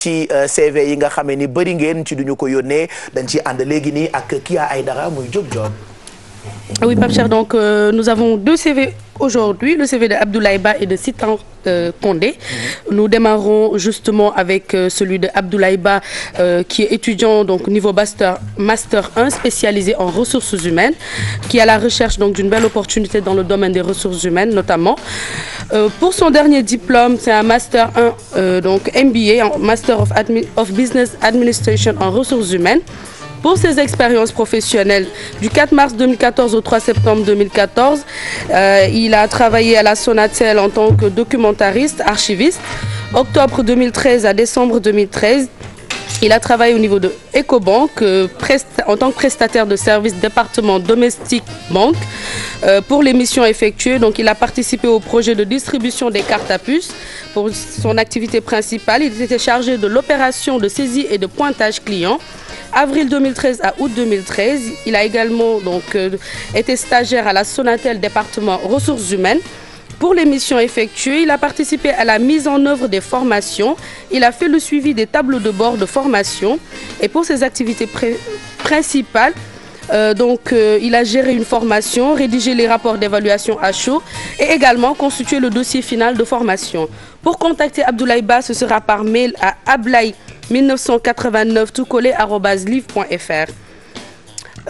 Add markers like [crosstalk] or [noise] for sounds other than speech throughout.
ci euh, CV yi nga xame ni bëri ngeen ci duñu ko yónnee dañ ci ànd léegi nii ak ay dara muy jóg job oui Pape Cheikh donc euh, nous avons deux CV aujourd'hui le CV de Abdoulaye Ba et de Sitan euh, Condé. Nous démarrons justement avec euh, celui de Abdoulaye Ba euh, qui est étudiant donc niveau master master 1 spécialisé en ressources humaines qui est la recherche donc d'une belle opportunité dans le domaine des ressources humaines notamment. Euh, pour son dernier diplôme, c'est un master 1 euh, donc MBA en Master of, Admi of Business Administration en ressources humaines. pour ses expériences professionnelles. Du 4 mars 2014 au 3 septembre 2014, euh, il a travaillé à la Sonatel en tant que documentariste, archiviste. Octobre 2013 à décembre 2013, Il a travaillé au niveau de EcoBank euh, en tant que prestataire de services département domestique banque euh, pour les missions effectuées. Donc, il a participé au projet de distribution des cartes à puces. Pour son activité principale, il était chargé de l'opération de saisie et de pointage client avril 2013 à août 2013. Il a également donc, euh, été stagiaire à la Sonatel département ressources humaines. Pour les missions effectuées, il a participé à la mise en œuvre des formations, il a fait le suivi des tableaux de bord de formation et pour ses activités principales, euh, donc, euh, il a une formation, rédigé les rapports d'évaluation à chaud et également constitué le dossier final de formation. Pour contacter Abdoulaye Ba, ce sera par mail à ablaye1989 toutcollé.livre.fr.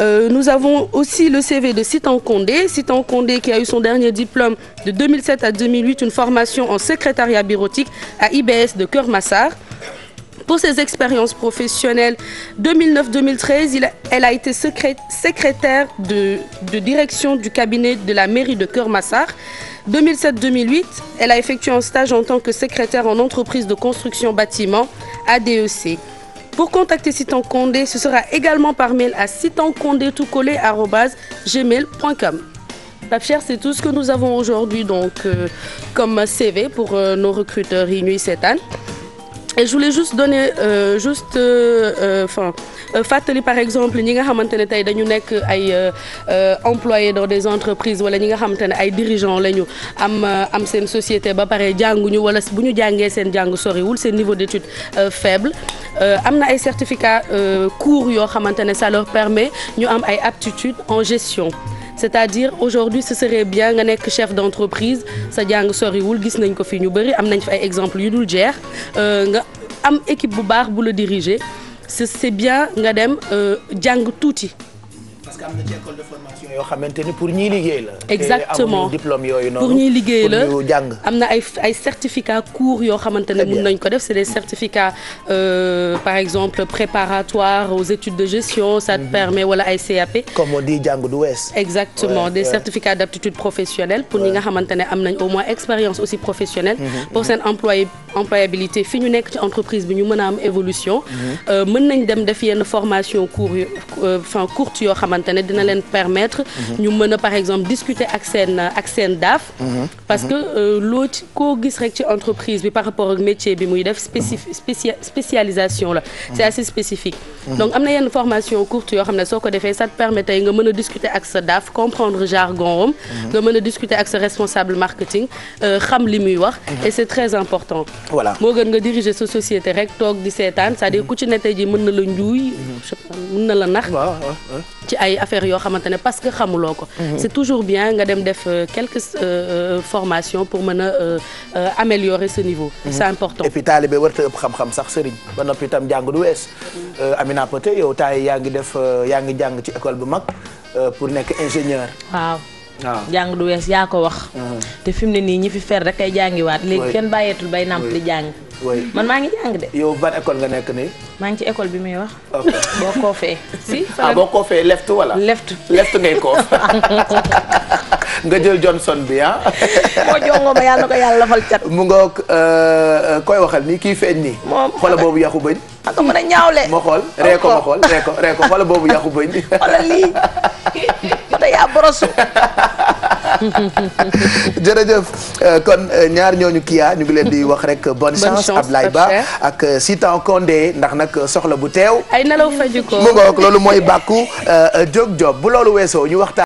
Euh, nous avons aussi le CV de Sitan Condé. Sitan Condé qui a eu son dernier diplôme de 2007 à 2008, une formation en secrétariat bureautique à IBS de Kermassar. Pour ses expériences professionnelles 2009 elle a été secrétaire de, direction du cabinet de la mairie de Kermassar. 2007-2008, elle a effectué un stage en tant que secrétaire en entreprise de construction bâtiment à Pour contacter Sitan Condé, ce sera également par mail à sitanconde.gmail.com. Pape Cheikh, c'est tout ce que nous avons aujourd'hui donc euh, comme CV pour euh, nos recruteurs Inouï cette année. et je voulais juste donner euh, juste euh, euh, enfin euh, fàttali par exemple ñi nga xamante ne tey dañu nekk ay euh, employés dans des entreprises wala ñi nga xamante ne ay dirigeants lañu am am seen société ba pare jànguñu wala bu ñu jàngee seen jàng soriwul seen niveau d'étude faible am na ay certificats cours yoo xamante ne ça leur permet ñu am ay aptitudes en gestion c'est-à-dire aujourd'hui ce serait bien nga nekk chef d'entreprise sa jàng soriwul gis nañ ko fi ñu bëri am nañ fi ay exemple yu dul jeex euh, nga am équipe bu baax bu la diriger c'est bien nga dem euh, jàng tuuti parce que am na ci de formation yoo xamante ni pour liggéey la. am na ay ay certificats cours xamante ne mun nañ ko def c'est des certificats euh, par exemple préparatoires aux études de gestion ça mhm. permet wala ay CAP. comme on dit jàng du wees. exactement ouais, des ouais. certificats d'aptitude professionnelle pour ñi nga xamante ne am nañ au moins expérience aussi professionnelle. Mhm. Mhm. pour seen employabilité fi nekk ci entreprise bi ñu mën a am évolution. Euh, mën nañ dem def yenn formation cours euh, enfin xamante xamante ne dina leen permettre. ñu mën a par exemple discuter ak seen ak seen daaf. Mhm. parce que mhm. euh, loo ci koo gis rek ci entreprise bi par rapport ak métier bi muy def spécifi mhm. spécialisation la. c'est assez spécifique. donc am na yenn formation courte yoo xam ne soo ko defee ça te permet tey nga mën a discuter ak sa daaf comprendre jargon am. nga mën a discuter ak sa responsable marketing euh, xam li muy wax. et c'est très important. voilà moo gën nga diriger sa société rek toog di seetaan c'est-à-dire ku tey ji mën na la njuuy. mën na la nax ay affaires yoo xamante ne parce que xamuloo ko. Mhm. c'est toujours bien nga dem def euh, quelques euh, euh, formations pour mën a améliorer ce niveau. Mhm. c'est important et puis taalibe warta ëpp xam-xam sax sëriñ ba noppi itam jàng du wees. Mhm. Amina Poté yow taay yaa ngi def yaa ngi jàng ci école bu mag pour nekk ingénieur. waaw. waaw jàng du wees yaa ko wax. te fi ne nii ñi fi fer rek ay jàngiwaat. léegi kenn bàyyeetul bay namp di jàng. man maa ngi jàng de. yow ban école nga nekk nii. maa ngi ci école bi muy wax. [laughs] boo koofee. si ah boo koofee left wala. left left ngay koof. [laughs] nga jël Johnson bi ah. [laughs] moo jongo ma yàlla na ko yàlla lafal cat. mu nga euh, euh, koy waxal nii kii feeñ nii. moom xoola boobu yàqu bëñ. ak ah, mën a ñaawle. ma xool ree ko ma xool ree ko ree boobu yàqu bëñ. xoola lii. yaa borosu [laughs] jërëjëf euh, kon euh, ñaar ñooñu kiya ñu ngi leen di wax rek euh, bonne chance Ablaye Ba ak Sitan Condé ndax nag soxla bu teew ay nelaw faju ko mu ngoog loolu mooy bàkku jóg job bu loolu weesoo ñu waxtaan